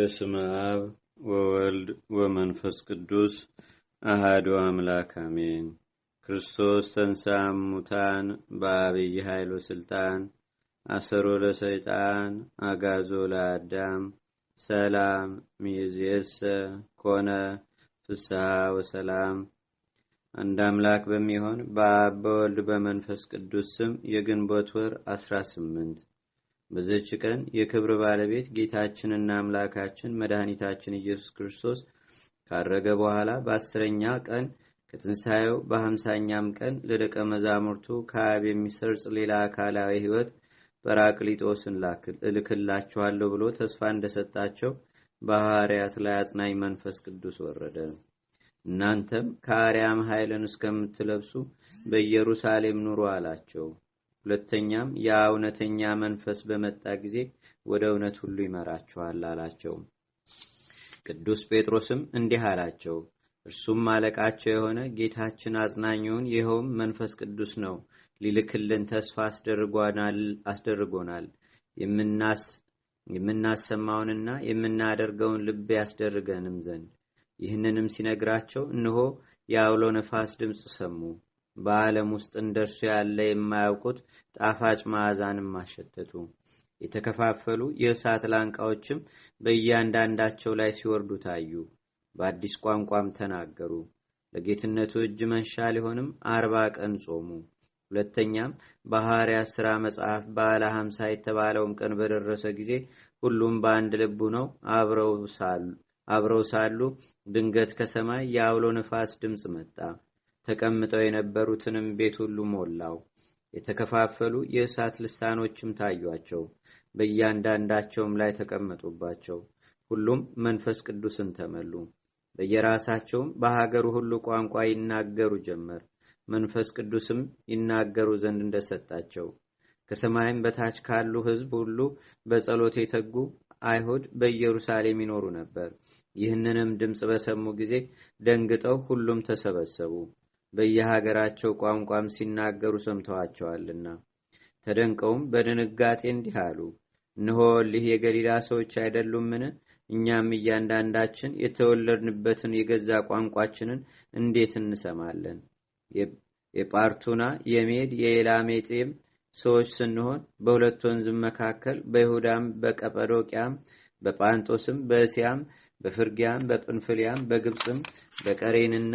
በስመ አብ ወወልድ ወመንፈስ ቅዱስ አህዶ አምላክ አሜን። ክርስቶስ ተንሳ ሙታን በአብይ ኃይል ስልጣን አሰሮ ለሰይጣን አጋዞ ለአዳም ሰላም ሚዝየሰ ኮነ ፍስሐ ወሰላም። አንድ አምላክ በሚሆን በአብ በወልድ በመንፈስ ቅዱስ ስም የግንቦት ወር አስራ ስምንት በዘች ቀን የክብር ባለቤት ጌታችንና አምላካችን መድኃኒታችን ኢየሱስ ክርስቶስ ካረገ በኋላ በአስረኛ ቀን ከትንሣኤው በሀምሳኛም ቀን ለደቀ መዛሙርቱ ከአብ የሚሰርጽ ሌላ አካላዊ ሕይወት በራቅሊጦስን እልክላችኋለሁ ብሎ ተስፋ እንደሰጣቸው በሐዋርያት ላይ አጽናኝ መንፈስ ቅዱስ ወረደ። እናንተም ከአርያም ኃይልን እስከምትለብሱ በኢየሩሳሌም ኑሩ አላቸው። ሁለተኛም ያ እውነተኛ መንፈስ በመጣ ጊዜ ወደ እውነት ሁሉ ይመራችኋል አላቸው። ቅዱስ ጴጥሮስም እንዲህ አላቸው፣ እርሱም አለቃቸው የሆነ ጌታችን አጽናኙን ይኸውም መንፈስ ቅዱስ ነው ሊልክልን ተስፋ አስደርጎናል። የምናሰማውንና የምናደርገውን ልብ ያስደርገንም ዘንድ ይህንንም ሲነግራቸው እንሆ የአውሎ ነፋስ ድምፅ ሰሙ። በዓለም ውስጥ እንደርሱ ያለ የማያውቁት ጣፋጭ ማዕዛንም አሸተቱ። የተከፋፈሉ የእሳት ላንቃዎችም በእያንዳንዳቸው ላይ ሲወርዱ ታዩ። በአዲስ ቋንቋም ተናገሩ። ለጌትነቱ እጅ መንሻ ሊሆንም አርባ ቀን ጾሙ። ሁለተኛም በሐዋርያት ሥራ መጽሐፍ በዓለ ሀምሳ የተባለውም ቀን በደረሰ ጊዜ ሁሉም በአንድ ልቡ ነው አብረው ሳሉ ድንገት ከሰማይ የአውሎ ነፋስ ድምፅ መጣ። ተቀምጠው የነበሩትንም ቤት ሁሉ ሞላው። የተከፋፈሉ የእሳት ልሳኖችም ታዩአቸው፣ በእያንዳንዳቸውም ላይ ተቀመጡባቸው። ሁሉም መንፈስ ቅዱስን ተመሉ፣ በየራሳቸውም በሀገሩ ሁሉ ቋንቋ ይናገሩ ጀመር። መንፈስ ቅዱስም ይናገሩ ዘንድ እንደሰጣቸው ከሰማይም በታች ካሉ ሕዝብ ሁሉ በጸሎት የተጉ አይሁድ በኢየሩሳሌም ይኖሩ ነበር። ይህንንም ድምፅ በሰሙ ጊዜ ደንግጠው ሁሉም ተሰበሰቡ። በየሀገራቸው ቋንቋም ሲናገሩ ሰምተዋቸዋልና። ተደንቀውም በድንጋጤ እንዲህ አሉ፣ እንሆ ልህ የገሊላ ሰዎች አይደሉምን? እኛም እያንዳንዳችን የተወለድንበትን የገዛ ቋንቋችንን እንዴት እንሰማለን? የጳርቱና የሜድ የኤላሜጤም ሰዎች ስንሆን በሁለት ወንዝም መካከል በይሁዳም በቀጳዶቅያም በጳንጦስም በእስያም በፍርጊያም በጵንፍልያም በግብፅም በቀሬንና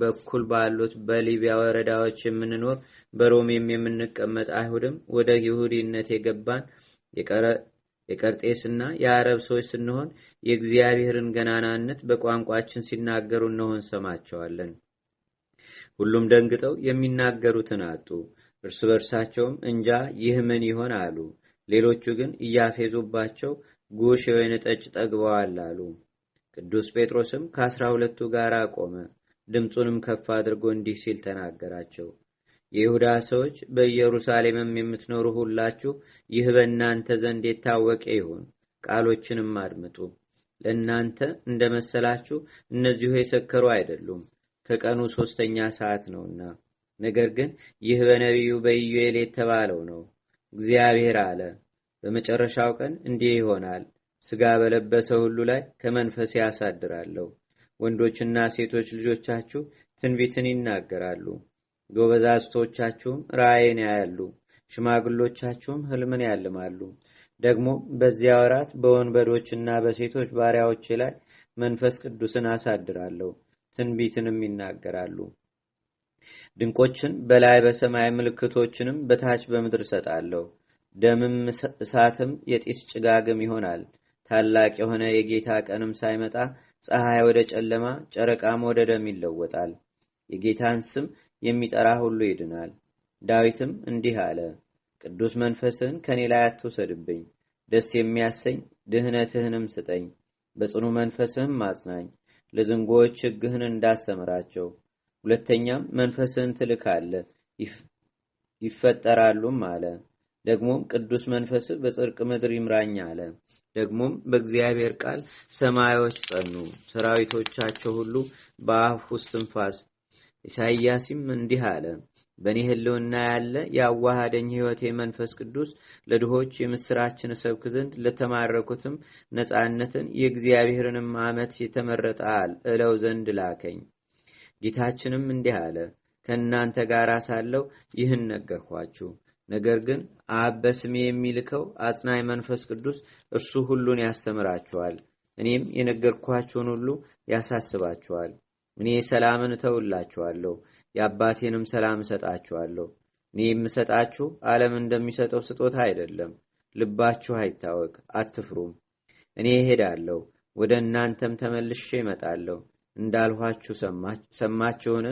በኩል ባሉት በሊቢያ ወረዳዎች የምንኖር በሮሜም የምንቀመጥ አይሁድም ወደ ይሁዲነት የገባን የቀርጤስና የአረብ ሰዎች ስንሆን የእግዚአብሔርን ገናናነት በቋንቋችን ሲናገሩ እነሆን ሰማቸዋለን። ሁሉም ደንግጠው የሚናገሩትን አጡ። እርስ በርሳቸውም እንጃ ይህ ምን ይሆን አሉ። ሌሎቹ ግን እያፌዙባቸው ጉሽ የወይን ጠጅ ጠግበዋል አሉ። ቅዱስ ጴጥሮስም ከአስራ ሁለቱ ጋር ቆመ። ድምፁንም ከፍ አድርጎ እንዲህ ሲል ተናገራቸው። የይሁዳ ሰዎች በኢየሩሳሌምም የምትኖሩ ሁላችሁ ይህ በእናንተ ዘንድ የታወቀ ይሁን፣ ቃሎችንም አድምጡ። ለእናንተ እንደ መሰላችሁ እነዚሁ የሰከሩ አይደሉም፣ ከቀኑ ሦስተኛ ሰዓት ነውና። ነገር ግን ይህ በነቢዩ በኢዩኤል የተባለው ነው። እግዚአብሔር አለ፣ በመጨረሻው ቀን እንዲህ ይሆናል፣ ሥጋ በለበሰ ሁሉ ላይ ከመንፈሴ ያሳድራለሁ ወንዶችና ሴቶች ልጆቻችሁ ትንቢትን ይናገራሉ፣ ጎበዛዝቶቻችሁም ራእይን ያያሉ፣ ሽማግሎቻችሁም ህልምን ያልማሉ። ደግሞ በዚያ ወራት በወንበዶችና በሴቶች ባሪያዎቼ ላይ መንፈስ ቅዱስን አሳድራለሁ፣ ትንቢትንም ይናገራሉ። ድንቆችን በላይ በሰማይ ምልክቶችንም በታች በምድር እሰጣለሁ። ደምም እሳትም የጢስ ጭጋግም ይሆናል። ታላቅ የሆነ የጌታ ቀንም ሳይመጣ ፀሐይ ወደ ጨለማ፣ ጨረቃም ወደ ደም ይለወጣል። የጌታን ስም የሚጠራ ሁሉ ይድናል። ዳዊትም እንዲህ አለ፣ ቅዱስ መንፈስህን ከእኔ ላይ አትውሰድብኝ፣ ደስ የሚያሰኝ ድህነትህንም ስጠኝ። በጽኑ መንፈስህም አጽናኝ፣ ለዝንጎዎች ሕግህን እንዳሰምራቸው። ሁለተኛም መንፈስህን ትልካለህ ይፈጠራሉም አለ። ደግሞም ቅዱስ መንፈስ በጽርቅ ምድር ይምራኝ አለ። ደግሞም በእግዚአብሔር ቃል ሰማዮች ጸኑ፣ ሰራዊቶቻቸው ሁሉ በአፉ እስትንፋስ። ኢሳይያስም እንዲህ አለ፣ በእኔ ህልውና ያለ የአዋሃደኝ ሕይወቴ መንፈስ ቅዱስ ለድሆች የምስራችን እሰብክ ዘንድ ለተማረኩትም ነፃነትን የእግዚአብሔርንም አመት የተመረጠ እለው ዘንድ ላከኝ። ጌታችንም እንዲህ አለ፣ ከእናንተ ጋር ሳለው ይህን ነገርኳችሁ። ነገር ግን አብ በስሜ የሚልከው አጽናይ መንፈስ ቅዱስ እርሱ ሁሉን ያስተምራችኋል፣ እኔም የነገርኳችሁን ሁሉ ያሳስባችኋል። እኔ ሰላምን እተውላችኋለሁ፣ የአባቴንም ሰላም እሰጣችኋለሁ። እኔ የምሰጣችሁ ዓለም እንደሚሰጠው ስጦታ አይደለም። ልባችሁ አይታወቅ፣ አትፍሩም። እኔ እሄዳለሁ፣ ወደ እናንተም ተመልሼ እመጣለሁ እንዳልኋችሁ ሰማችሁን?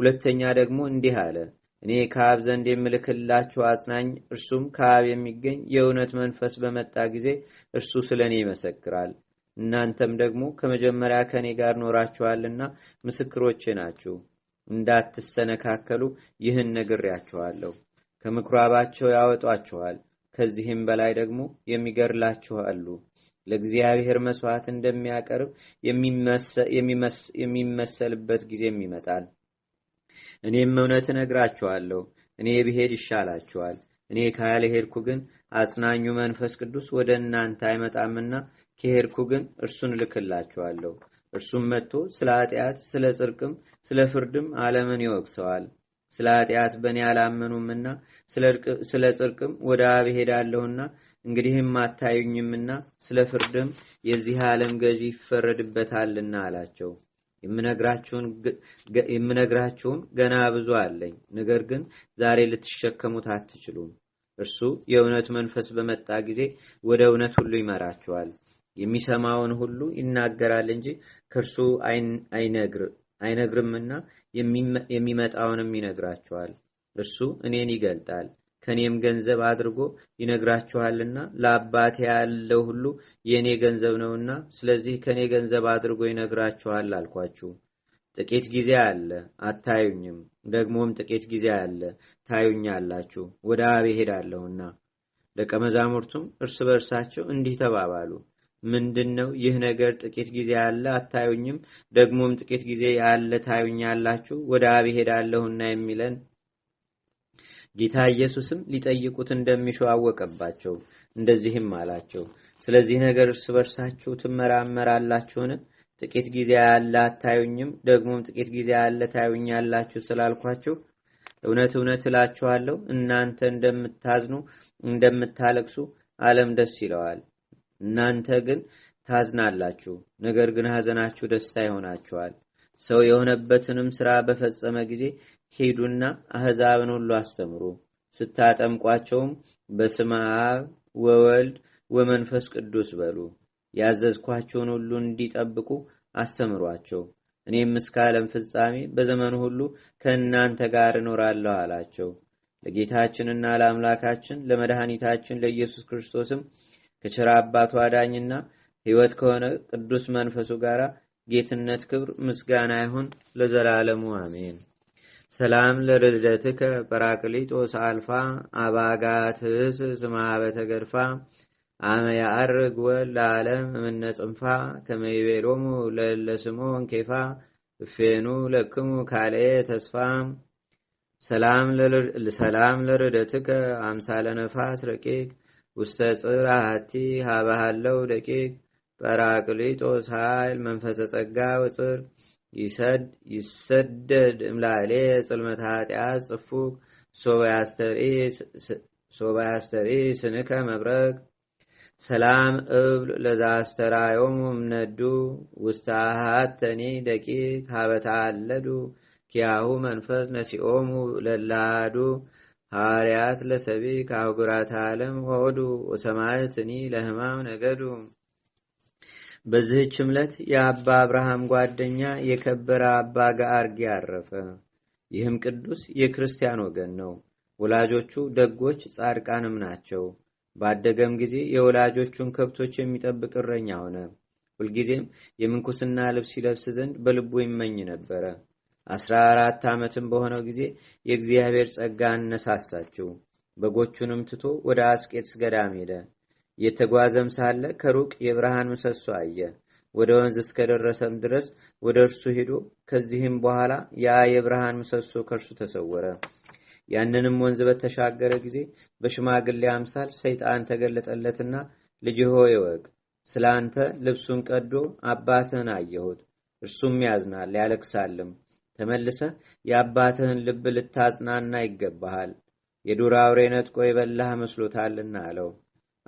ሁለተኛ ደግሞ እንዲህ አለ እኔ ከአብ ዘንድ የምልክላችሁ አጽናኝ እርሱም ከአብ የሚገኝ የእውነት መንፈስ በመጣ ጊዜ እርሱ ስለ እኔ ይመሰክራል። እናንተም ደግሞ ከመጀመሪያ ከእኔ ጋር ኖራችኋልና ምስክሮቼ ናችሁ። እንዳትሰነካከሉ ይህን ነግሬያችኋለሁ። ከምኩራባቸው ያወጧችኋል። ከዚህም በላይ ደግሞ የሚገርላችኋሉ አሉ። ለእግዚአብሔር መስዋዕት እንደሚያቀርብ የሚመሰልበት ጊዜም ይመጣል። እኔም እውነት እነግራችኋለሁ፣ እኔ ብሄድ ይሻላችኋል። እኔ ካልሄድኩ ግን አጽናኙ መንፈስ ቅዱስ ወደ እናንተ አይመጣምና ከሄድኩ ግን እርሱን ልክላቸዋለሁ እርሱም መጥቶ ስለ ኃጢአት፣ ስለ ጽርቅም ስለ ፍርድም አለምን ይወቅሰዋል። ስለ ኃጢአት በእኔ አላመኑምና ስለ ጽርቅም ወደ አብ ሄዳለሁና እንግዲህም አታዩኝምና ስለ ፍርድም የዚህ ዓለም ገዢ ይፈረድበታልና አላቸው። የምነግራችሁም ገና ብዙ አለኝ፣ ነገር ግን ዛሬ ልትሸከሙት አትችሉም። እርሱ የእውነት መንፈስ በመጣ ጊዜ ወደ እውነት ሁሉ ይመራችኋል። የሚሰማውን ሁሉ ይናገራል እንጂ ከእርሱ አይነግርምና የሚመጣውንም ይነግራችኋል። እርሱ እኔን ይገልጣል ከእኔም ገንዘብ አድርጎ ይነግራችኋልና ለአባቴ ያለው ሁሉ የእኔ ገንዘብ ነውና፣ ስለዚህ ከእኔ ገንዘብ አድርጎ ይነግራችኋል አልኳችሁ። ጥቂት ጊዜ አለ አታዩኝም፣ ደግሞም ጥቂት ጊዜ አለ ታዩኛላችሁ፣ ወደ አብ እሄዳለሁና። ደቀ መዛሙርቱም እርስ በእርሳቸው እንዲህ ተባባሉ፣ ምንድን ነው ይህ ነገር? ጥቂት ጊዜ አለ አታዩኝም፣ ደግሞም ጥቂት ጊዜ አለ ታዩኛላችሁ፣ ወደ አብ እሄዳለሁና የሚለን ጌታ ኢየሱስም ሊጠይቁት እንደሚሹ አወቀባቸው። እንደዚህም አላቸው፣ ስለዚህ ነገር እርስ በርሳችሁ ትመራመራላችሁን? ጥቂት ጊዜ ያለ አታዩኝም፣ ደግሞም ጥቂት ጊዜ ያለ ታዩኛላችሁ ስላልኳችሁ እውነት እውነት እላችኋለሁ እናንተ እንደምታዝኑ እንደምታለቅሱ አለም ደስ ይለዋል። እናንተ ግን ታዝናላችሁ፣ ነገር ግን ሐዘናችሁ ደስታ ይሆናችኋል። ሰው የሆነበትንም ስራ በፈጸመ ጊዜ ሂዱና አሕዛብን ሁሉ አስተምሩ፣ ስታጠምቋቸውም በስመ አብ ወወልድ ወመንፈስ ቅዱስ በሉ፣ ያዘዝኳቸውን ሁሉ እንዲጠብቁ አስተምሯቸው። እኔም እስከ ዓለም ፍጻሜ በዘመኑ ሁሉ ከእናንተ ጋር እኖራለሁ አላቸው። ለጌታችንና ለአምላካችን ለመድኃኒታችን ለኢየሱስ ክርስቶስም ከቸራ አባቱ አዳኝና ሕይወት ከሆነ ቅዱስ መንፈሱ ጋር ጌትነት፣ ክብር፣ ምስጋና ይሁን ለዘላለሙ አሜን። ሰላም ለልደትከ በራቅሊጦስ አልፋ አባጋትስ ስማበተ ገድፋ አመ ወል ለዓለም እምነ ከመይቤሎሙ ለለስሞ እንኬፋ እፌኑ ለክሙ ካልየ ተስፋ ሰላም ለርደትከ አምሳለ ነፋስ ረቂቅ ውስተ ጽር አሐቲ ሃበሃለው ደቂቅ ጰራቅሊጦስ ኃይል መንፈሰ ጸጋ ውፅር ይሰደድ እምላሌ ጽልመት ኃጢአት ጽፉግ ሶባ ያስተርኢ ስንከ መብረቅ ሰላም እብል ለዛስተራዮም እምነዱ ውስታሃተኒ ሃተኒ ደቂቅ ሀበታ አለዱ ኪያሁ መንፈስ ነሲኦሙ ለላሃዱ ሐዋርያት ለሰቢ ከአህጉራት ዓለም ወዱ ወሰማዕትኒ ለህማም ነገዱ በዚህች ዕለት የአባ አብርሃም ጓደኛ የከበረ አባ ገአርጌ አረፈ። ይህም ቅዱስ የክርስቲያን ወገን ነው። ወላጆቹ ደጎች ጻድቃንም ናቸው። ባደገም ጊዜ የወላጆቹን ከብቶች የሚጠብቅ እረኛ ሆነ። ሁልጊዜም የምንኩስና ልብስ ይለብስ ዘንድ በልቡ ይመኝ ነበረ። አስራ አራት ዓመትም በሆነው ጊዜ የእግዚአብሔር ጸጋ አነሳሳችው። በጎቹንም ትቶ ወደ አስቄጥስ ገዳም ሄደ። እየተጓዘም ሳለ ከሩቅ የብርሃን ምሰሶ አየ። ወደ ወንዝ እስከደረሰም ድረስ ወደ እርሱ ሄዶ ከዚህም በኋላ ያ የብርሃን ምሰሶ ከእርሱ ተሰወረ። ያንንም ወንዝ በተሻገረ ጊዜ በሽማግሌ አምሳል ሰይጣን ተገለጠለትና ልጅ ሆይ እወቅ፣ ስለ አንተ ልብሱን ቀዶ አባትህን አየሁት። እርሱም ያዝናል ያለቅሳልም። ተመልሰህ የአባትህን ልብ ልታጽናና ይገባሃል። የዱር አውሬ ነጥቆ የበላህ መስሎታልና አለው።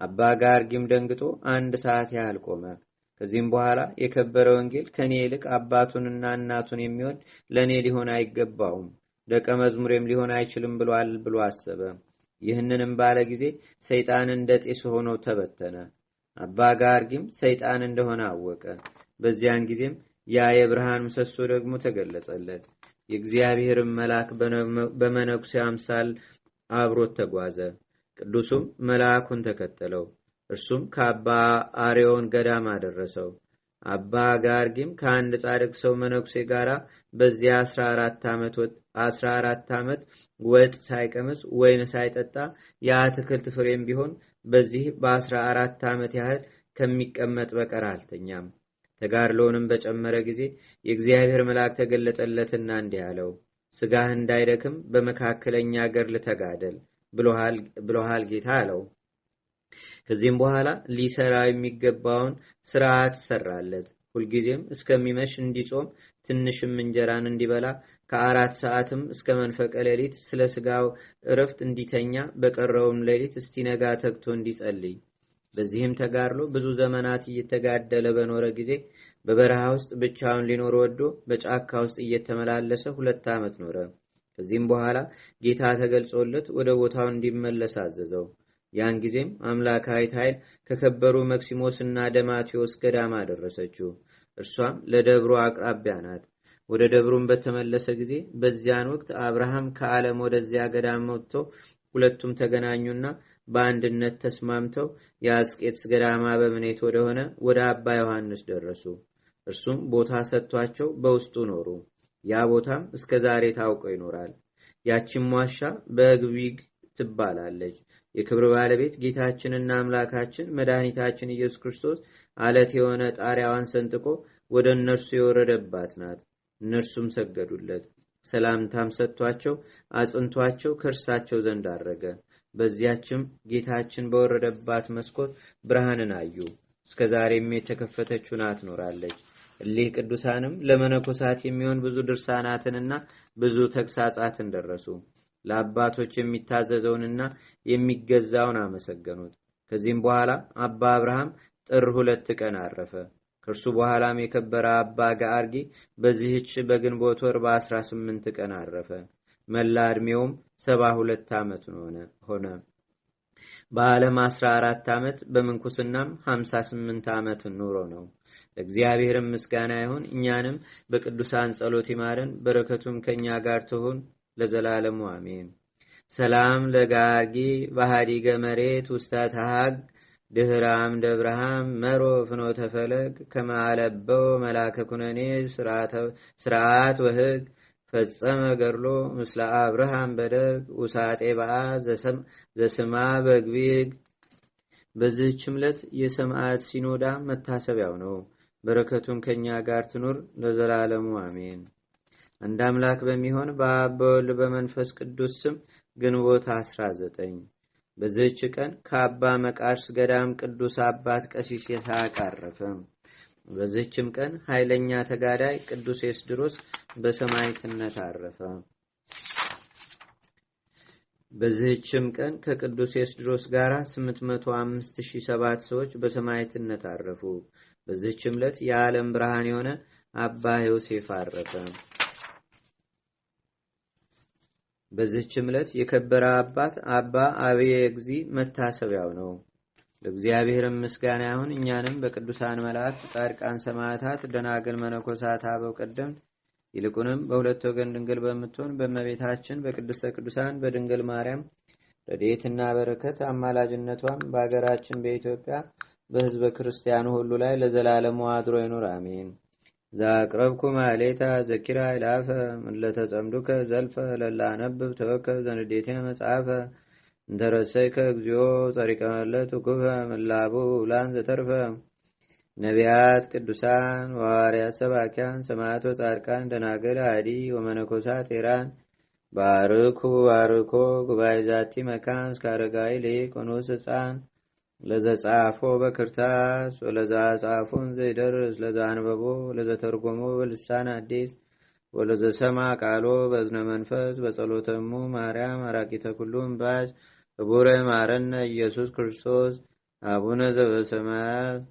አባ ጋርጊም ደንግጦ አንድ ሰዓት ያህል ቆመ። ከዚህም በኋላ የከበረ ወንጌል ከእኔ ይልቅ አባቱንና እናቱን የሚወድ ለእኔ ሊሆን አይገባውም፣ ደቀ መዝሙሬም ሊሆን አይችልም ብሏል ብሎ አሰበ። ይህንንም ባለ ጊዜ ሰይጣን እንደ ጤስ ሆኖ ተበተነ። አባ ጋርጊም ሰይጣን እንደሆነ አወቀ። በዚያን ጊዜም ያ የብርሃን ምሰሶ ደግሞ ተገለጸለት። የእግዚአብሔርን መልአክ በመነኩሴ አምሳል አብሮት ተጓዘ። ቅዱሱም መልአኩን ተከተለው። እርሱም ከአባ አሬዮን ገዳም አደረሰው። አባ ጋርጊም ከአንድ ጻድቅ ሰው መነኩሴ ጋር በዚያ አስራ አራት ዓመት ወጥ ሳይቀምስ ወይን ሳይጠጣ የአትክልት ፍሬም ቢሆን በዚህ በአስራ አራት ዓመት ያህል ከሚቀመጥ በቀር አልተኛም። ተጋድሎውንም በጨመረ ጊዜ የእግዚአብሔር መልአክ ተገለጠለትና እንዲህ አለው፣ ስጋህ እንዳይደክም በመካከለኛ ገር ተጋደል ብሎሃል ጌታ አለው። ከዚህም በኋላ ሊሰራ የሚገባውን ስርዓት ሰራለት። ሁልጊዜም እስከሚመሽ እንዲጾም ትንሽም እንጀራን እንዲበላ ከአራት ሰዓትም እስከ መንፈቀ ሌሊት ስለ ስጋው እረፍት እንዲተኛ በቀረውም ሌሊት እስቲነጋ ተግቶ እንዲጸልይ በዚህም ተጋድሎ ብዙ ዘመናት እየተጋደለ በኖረ ጊዜ በበረሃ ውስጥ ብቻውን ሊኖር ወዶ በጫካ ውስጥ እየተመላለሰ ሁለት ዓመት ኖረ። ከዚህም በኋላ ጌታ ተገልጾለት ወደ ቦታው እንዲመለስ አዘዘው። ያን ጊዜም አምላካዊት ኃይል ከከበሩ መክሲሞስ እና ደማቴዎስ ገዳም አደረሰችው። እርሷም ለደብሩ አቅራቢያ ናት። ወደ ደብሩም በተመለሰ ጊዜ በዚያን ወቅት አብርሃም ከዓለም ወደዚያ ገዳም መጥቶ ሁለቱም ተገናኙና በአንድነት ተስማምተው የአስቄትስ ገዳማ በምኔት ወደሆነ ወደ አባ ዮሐንስ ደረሱ። እርሱም ቦታ ሰጥቷቸው በውስጡ ኖሩ። ያ ቦታም እስከ ዛሬ ታውቆ ይኖራል። ያችን ዋሻ በግቢግ ትባላለች። የክብር ባለቤት ጌታችንና አምላካችን መድኃኒታችን ኢየሱስ ክርስቶስ አለት የሆነ ጣሪያዋን ሰንጥቆ ወደ እነርሱ የወረደባት ናት። እነርሱም ሰገዱለት። ሰላምታም ሰጥቷቸው አጽንቷቸው ከእርሳቸው ዘንድ አረገ። በዚያችም ጌታችን በወረደባት መስኮት ብርሃንን አዩ። እስከ ዛሬም የተከፈተችው ናት ኖራለች። እሊህ ቅዱሳንም ለመነኮሳት የሚሆን ብዙ ድርሳናትንና ብዙ ተግሳጻትን ደረሱ። ለአባቶች የሚታዘዘውንና የሚገዛውን አመሰገኑት። ከዚህም በኋላ አባ አብርሃም ጥር ሁለት ቀን አረፈ። ከእርሱ በኋላም የከበረ አባ ጋአርጊ በዚህች በግንቦት ወር በአስራ ስምንት ቀን አረፈ። መላ ዕድሜውም ሰባ ሁለት ዓመት ሆነ። በዓለም አስራ አራት ዓመት በምንኩስናም ሀምሳ ስምንት ዓመት ኑሮ ነው። ለእግዚአብሔርም ምስጋና ይሁን። እኛንም በቅዱሳን ጸሎት ይማረን፣ በረከቱም ከእኛ ጋር ትሁን ለዘላለሙ አሜን። ሰላም ለጋርጊ ባህዲ ገመሬት ውስታት ሀግ ድህራም ደብርሃም መሮ ፍኖ ተፈለግ ከማለበው መላከ ኩነኔ ስርዓት ወህግ ፈጸመ ገድሎ ምስለ አብርሃም በደርግ ውሳጤ በአ ዘስማ በግቢግ በዚህች ችምለት የሰማዕት ሲኖዳ መታሰቢያው ነው። በረከቱም ከእኛ ጋር ትኑር ለዘላለሙ አሜን። አንድ አምላክ በሚሆን በአብ በወልድ በመንፈስ ቅዱስ ስም ግንቦት 19 በዚህች ቀን ከአባ መቃርስ ገዳም ቅዱስ አባት ቀሲስ ይስሐቅ አረፈ። ቀን ኃይለኛ ተጋዳይ ቅዱስ ኤስድሮስ በሰማይትነት አረፈ። በዚህችም ቀን ከቅዱስ ኤስድሮስ ጋር 805,007 ሰዎች በሰማይትነት አረፉ። በዚህች ዕለት የዓለም ብርሃን የሆነ አባ ዮሴፍ አረፈ። በዚህች ዕለት የከበረ አባት አባ አብየ እግዚ መታሰቢያው ነው። ለእግዚአብሔርም ምስጋና ይሁን። እኛንም በቅዱሳን መላእክት፣ ጻድቃን፣ ሰማዕታት፣ ደናግል፣ መነኮሳት፣ አበው ቀደምት ይልቁንም በሁለት ወገን ድንግል በምትሆን በእመቤታችን በቅድስተ ቅዱሳን በድንግል ማርያም ረድኤትና በረከት አማላጅነቷም በአገራችን በኢትዮጵያ በህዝበ ክርስቲያኑ ሁሉ ላይ ለዘላለሙ አድሮ ይኑር፣ አሜን። ዛቅረብኩ ማሌታ ዘኪራ ይላፈ ለተጸምዱከ ዘልፈ ነብብ ተወከ ዘንዴቴ መጽሐፈ እንተረሰይከ እግዚኦ ጸሪቀ መለት ምላቡ ውላን ዘተርፈ ነቢያት፣ ቅዱሳን፣ ዋርያት፣ ሰባኪያን፣ ሰማዕት ወጻድቃን፣ ደናገል፣ አዲ ወመነኮሳት ቴራን ባርኩ ባርኮ ጉባኤ ዛቲ መካን እስከ አረጋዊ ልቅ ህፃን ለዘጻፎ በክርታስ ወለዛ ዘይደርስ ለዛ ለዘተርጎሞ በልሳን አዲስ ወለዘሰማ ቃሎ በዝነ መንፈስ በጸሎተሙ ማርያም አራቂተ ኩሉም ባሽ ክቡረ ማረነ ኢየሱስ ክርስቶስ አቡነ ዘበሰማያት